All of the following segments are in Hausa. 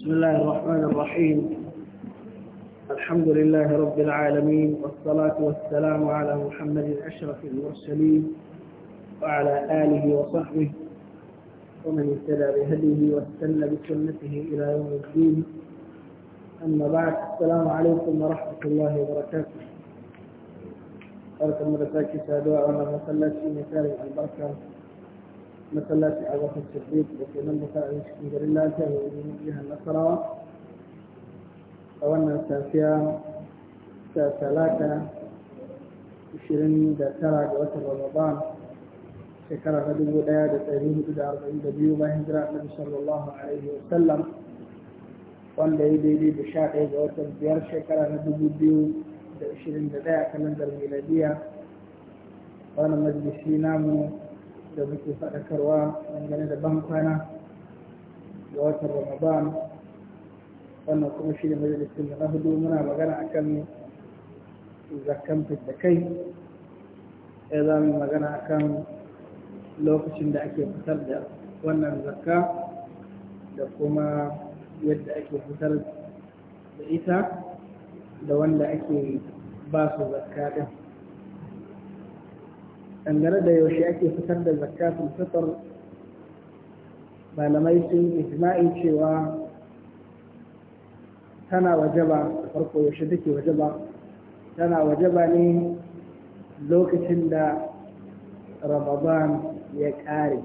بسم الله الرحمن الرحيم الحمد لله رب العالمين والصلاة والسلام على محمد أشرف المرسلين وعلى آله وصحبه ومن اهتدى بهديه واستنى بسنته إلى يوم الدين أما بعد السلام عليكم ورحمة الله وبركاته أرسل مدفاكي سادوا أولا مسلسي مثال البركة masallacin abubakar siddiq da ke nan buka a cikin garin lafiya da wajen jihar nasarawa a wannan safiya ta talata 29 ga watan ramadan shekara ta dubu ɗaya da ɗari hudu da arba'in da biyu bayan hijira annabi sallallahu alaihi wa sallam wanda ya daidai da sha ɗaya ga watan biyar shekara na dubu biyu da ashirin da ɗaya kalandar miladiya wannan majalisi namu da muke faɗakarwa dangane da wata ga watan ramadan wannan kuma shi ne majalisun da na hudu muna magana akan zakan da kai ya za mu magana akan lokacin da ake fitar da wannan zakka da kuma yadda ake fitar da ita da wanda ake ba su zakka ɗin أن لدى يوشيكي فتد زكاة الفطر بان ميسي إجمائي شوى تنا وجبا فرقو يشدكي وجبا تنا وجباني لوك تندى رمضان يكاري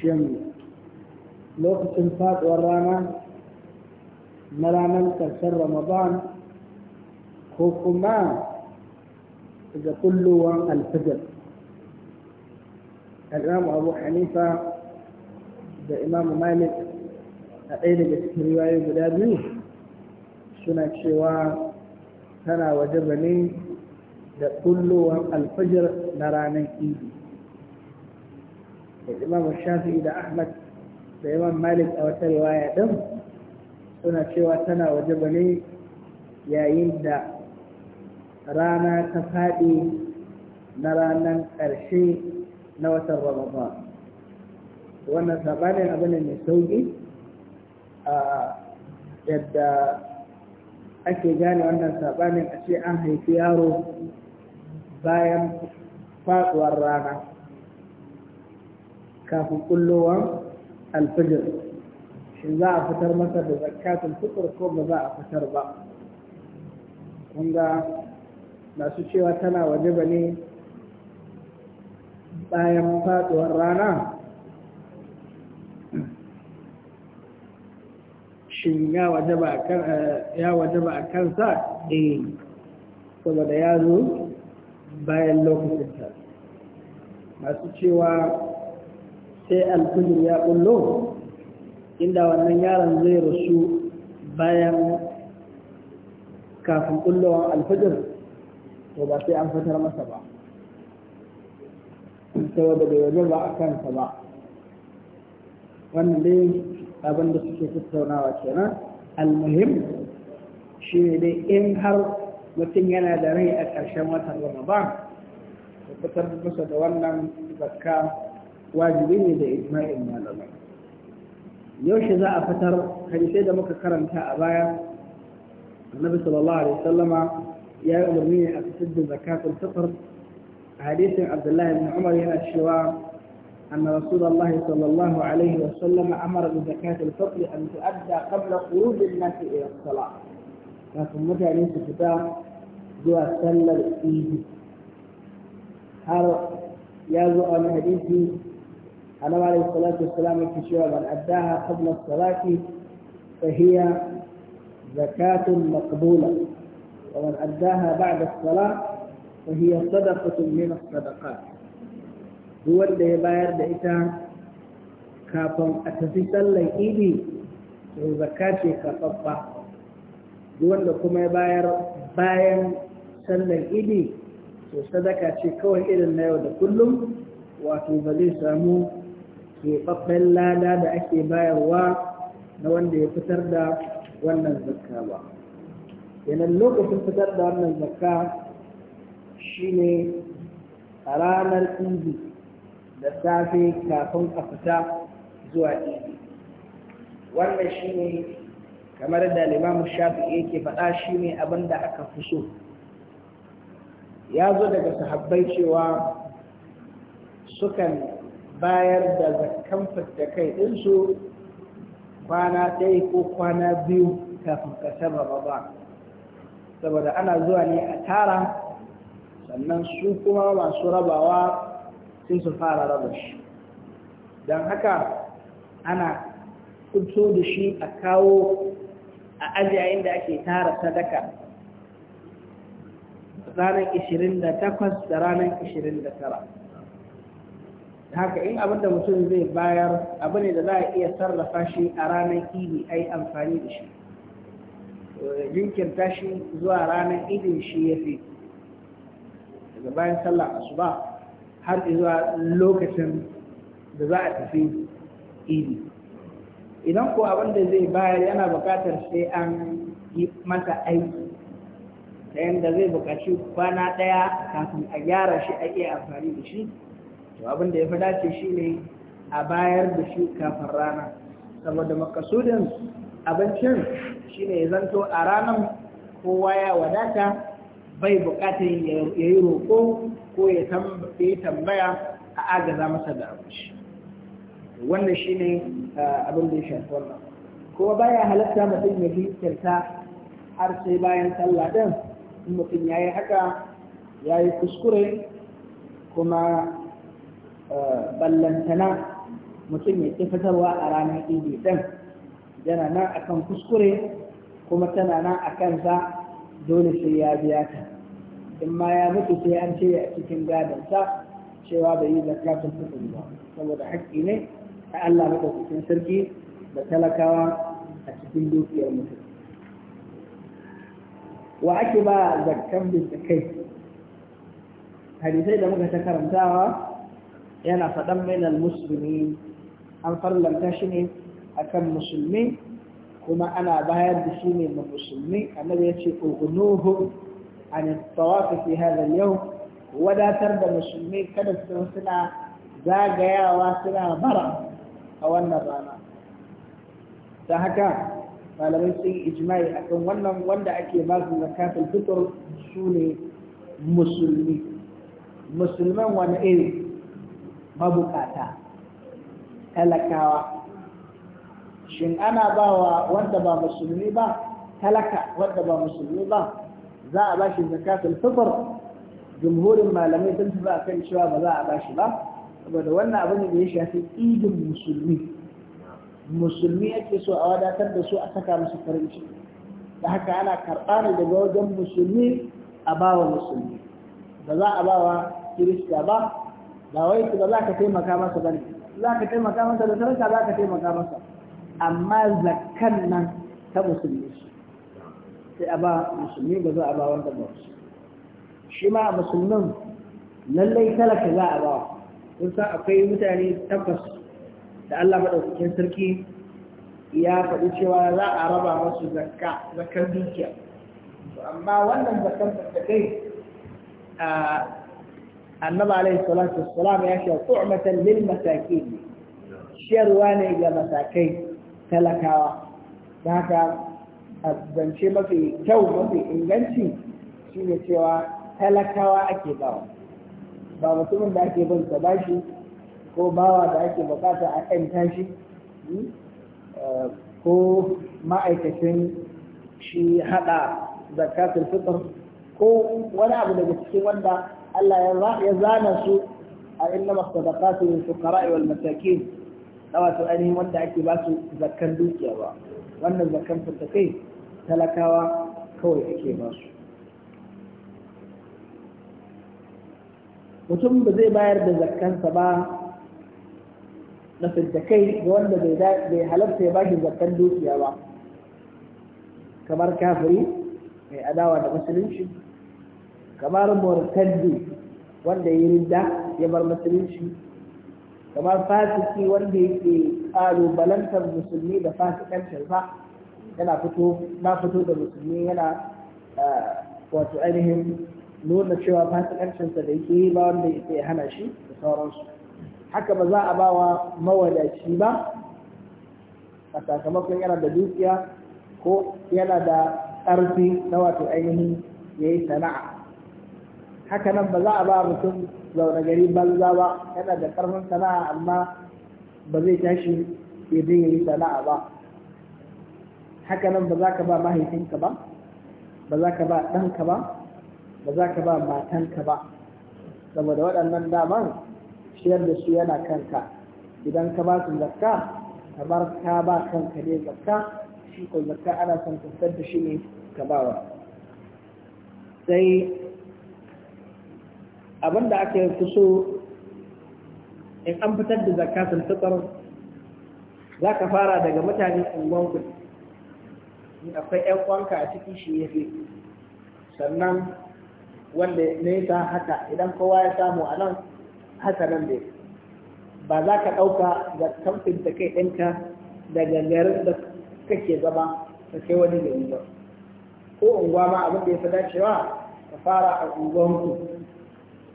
شم لوك تنفات ورانا مرانا كرسر رمضان رمضان ko kuma ga kullowan alfajar al'amu abu hanifa da imam malik a ɗaya daga cikin riwayoyi guda biyu suna cewa tana waje ne da kullowan alfajar na ranar idi da imam Shafi da ahmad da imam malik a wata riwaya ɗin suna cewa tana waje ne yayin da rana ta faɗi na ranar ƙarshe na watan ramadan wannan saɓanin abu ne mai sauƙi a yadda ake gane wannan sabanin a ce an haifi yaro bayan faɗuwar rana kafin kullowar alfijir shi za a fitar masa da zakatun fitar ko ba za a fitar ba Kunga. masu cewa tana waje ba ne bayan faduwar rana shin ya waje ba eh, a kansa eh saboda ya zo bayan lokacinta masu cewa sai alfijir ya bullo inda wannan yaron zai rasu bayan kafin bullowar alfijir to ba sai an fitar masa ba saboda bai waje ba a kansa ba wannan dai abin da suke tattaunawa kenan almuhim shi ne dai in har mutum yana da rai a ƙarshen watan ramadan da fitar masa da wannan zakka wajibi ne da ijma'in malamai yaushe za a fitar hadisai da muka karanta a baya annabi sallallahu alaihi wasallama يا عمر مين أتسد زكاة الفطر حديث عبد الله بن عمر هنا الشواء أن رسول الله صلى الله عليه وسلم أمر بزكاة الفطر أن تؤدى قبل خروج الناس إلى الصلاة لكن متى ليس كتاب جوا سلة إيه هل يازو أن حديثي أنا عليه الصلاة والسلام في شواء من أداها قبل الصلاة فهي زكاة مقبولة ومن أداها بعد الصلاة فهي صدقة من الصدقات هو اللي باير دعيتا كافم أتفتا لإيدي وزكاتي كاففة هو اللي كما باير باين sallar idi to sadaka ce kawai irin na yau da kullum wato ba zai samu keɓaɓɓen lada da ake bayarwa na wanda ya fitar da wannan zakka ba kenan lokacin fitar da wannan zakka ne a ranar idi da safe kafin a fita zuwa idi wannan shi ne kamar da limamu shafi'i yake faɗa ne abin da aka fi so ya zo daga sahabbai cewa sukan bayar da zakkan fitta kai ɗinsu kwana ɗaya ko kwana biyu kafin kasar ba. saboda ana zuwa ne a tara sannan su kuma masu rabawa sai su fara raba shi don haka ana fito da shi a kawo a ajiyayin da ake tara sadaka ranar 28 da ranar 29 haka in abinda mutum zai bayar abu ne da za a iya sarrafa shi a ranar ibi a amfani da shi jinkirta shi zuwa ranar idin shi ya fi daga bayan sallah asuba har zuwa lokacin da za a tafi idi idan ko abin da zai bayar yana bukatar sai an yi masa aiki ta yadda zai bukaci kwana ɗaya kafin a gyara shi a iya amfani da shi to abin da ya fi dace shi ne a bayar da shi kafin rana saboda makasudin abincin ne ya zanto a ranar kowa ya wadata bai bukatar ya yi roƙo ko ya yi tambaya a agaza masa da abinci wannan ne eh, abin da ya shafi wannan kuma baya halatta mutum ya jinkirta har sai bayan sallah din mutum ya yi haka ya yi kuskure kuma eh, ballantana mutum ya ke fitarwa a ranar idi ɗan. yana nan akan kuskure kuma tana nan a kansa dole sai ya biya ta in ma ya mutu sai an ce a cikin sa cewa bai yi zakatun fitri ba saboda haƙƙi ne a Allah maka cikin sarki da talakawa a cikin dukiyar mutum wa ake ba zakkan kai? hadisai da muka ta karantawa yana faɗan minal musulmi an farlanta shi ne akan musulmi kuma ana bayar da shi ne musulmi annabi yace ce ughnuhu an tawaf fi hadha al wadatar da musulmi kada su suna zagayawa suna bara a wannan rana ta haka malamai sun ijma'i akan wannan wanda ake ba su zakatul fitr su ne musulmi musulman wani iri mabukata talakawa shin ana ba wa wanda ba musulmi ba talaka wanda ba musulmi ba za a ba shi zakatul fitr jumhurin malamai sun fi a kan cewa ba za a ba shi ba saboda wannan abin da ya shafi idin musulmi musulmi ake so a wadatar da su a saka musu farin ciki da haka ana karɓa ne daga wajen musulmi a bawa musulmi ba za a ba wa kirista ba ba wai ba za ka taimaka masa ba ne za ka taimaka masa da sarka za ka taimaka masa amma zakkan nan ta musulmi su sai a ba musulmi ba za a ba wanda ba su shi ma musulmin lallai talaka za a ba kun san akwai mutane takwas da Allah maɗaukakin sarki ya faɗi cewa za a raba masu zakka zakkan dukiya amma wannan zakkan da kai annabi alaihi salatu wassalam ya ce tu'matan lil masakin shiyarwa ne ga masakai talakawa da haka a zance mafi kyau mafi inganci shine cewa talakawa ake bawa ba mutumin da ake bin sa bashi ko bawa da ake bukata a ƴan tashi hmm, eh, ko ma'aikacin shi hada zakatul fitr ko wani abu daga cikin wanda Allah ya zana su a inna masadaqatu su fuqara wal matakin na wato ainihin wanda ake ba su zakkan dukiya ba wannan zakkan kai talakawa kawai ake ba su mutum ba zai bayar da zakkansa ba na kai ga wanda bai halarta ya ba shi zakkan dukiya ba kamar kafiri mai adawa da musulunci kamar murtaddi wanda ya yi rinda ya bar musulunci kamar fasiki wanda yake balantar musulmi da fasikancin sa yana fito na fito da musulmi yana wato ainihin nuna cewa fasikancinsa da yake yi ba wanda yake hana shi da sauransu haka ba za a ba wa mawadaci ba a sakamakon yana da dukiya ko yana da ƙarfi na wato ainihin ya yi sana'a haka nan ba za a ba mutum zaune gari banza ba yana da karfin sana'a amma ba zai tashi ya dinga yi sana'a ba haka nan ba za ka ba mahaifinka ba ba za ka ba ɗanka ba ba za ka ba matanka ba saboda waɗannan daman shiyar da su yana kanka idan ka ba su zakka kamar ka ba kanka ne zakka shi ko zakka ana son ka da shi ne ka ba wa sai abin da aka yi so in an fitar da zakatun tukar za ka fara daga mutane unguwanku in akwai 'yan uwanka a ciki shi ya fi sannan wanda nesa haka idan kowa ya samu a nan haka nan ne ba za ka ɗauka da kamfin da kai ɗinka daga garin da kake zama ka kai wani gari ba ko unguwa ma abin da ya fi dacewa ka fara a unguwanku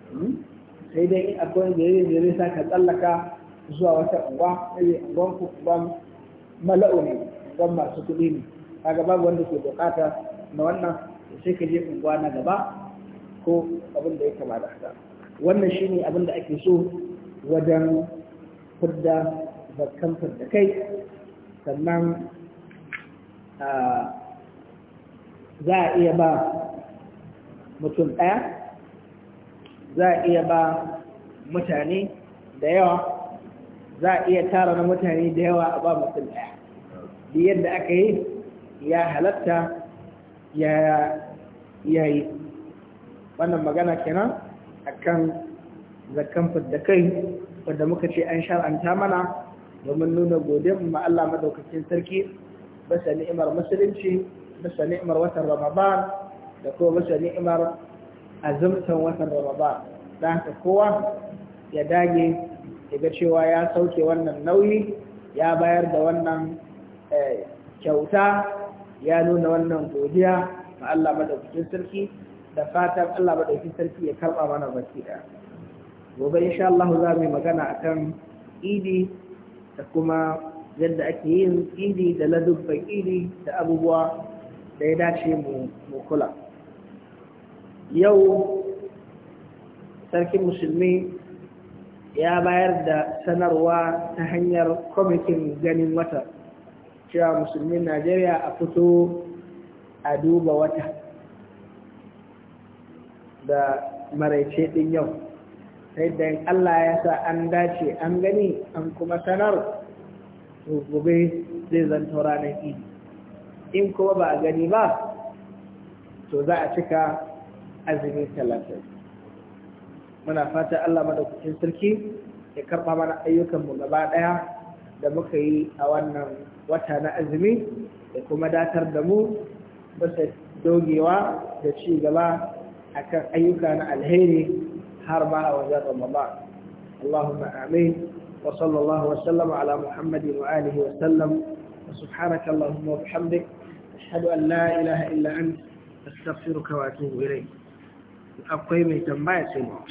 Hmm? sai dai in akwai jere jere sa ka tsallaka zuwa wata unguwa sai unguwan ku unguwan mala'u ne unguwan masu kuɗi ne kaga babu wanda ke bukata na wannan sai ka je unguwa na gaba ko abin da ya kama da haka wannan shine abin da ake so wajen fidda zakkan fidda kai sannan ah, za a iya ba mutum ɗaya za a iya ba mutane da yawa za a iya tara na mutane da yawa a ba mutum ɗaya da yadda aka yi ya halatta ya yi wannan magana kenan akan zakan fadda kai wadda muka ce an shar'anta mana domin nuna godin ma Allah madaukakin sarki bisa ni'imar musulunci bisa ni'imar watan ramadan da kuma bisa ni'imar azumtar watan Ramadan don haka kowa ya dage ga cewa ya sauke wannan nauyi ya bayar da wannan eh, kyauta ya nuna wannan godiya ga Allah madaukakin sarki da fatan Allah madaukakin sarki ya karba mana baki ɗaya gobe insha Allah za mu yi magana akan idi da kuma yadda ake yin idi da ladubban idi da abubuwa da ya dace mu kula yau sarkin musulmi ya bayar da sanarwa ta hanyar kwamitin ganin wata cewa musulmin najeriya a fito a duba wata da maraice ɗin yau sai da allah ya sa an dace an gani an kuma sanar gobe zai zanta ranar idi in kuma ba a gani ba to za a cika azumi talatin muna fata Allah madaukakin sarki ya karɓa mana ayyukan mu gaba ɗaya da muka yi a wannan wata na azumi da kuma datar da mu bisa dogewa da ci gaba akan ayyuka na alheri har ma a wajen Ramadan Allahumma amin wa sallallahu ala Muhammadin wa alihi wa sallam wa subhanaka Allahumma wa bihamdik ashhadu an la ilaha illa 他闺叫在卖什么？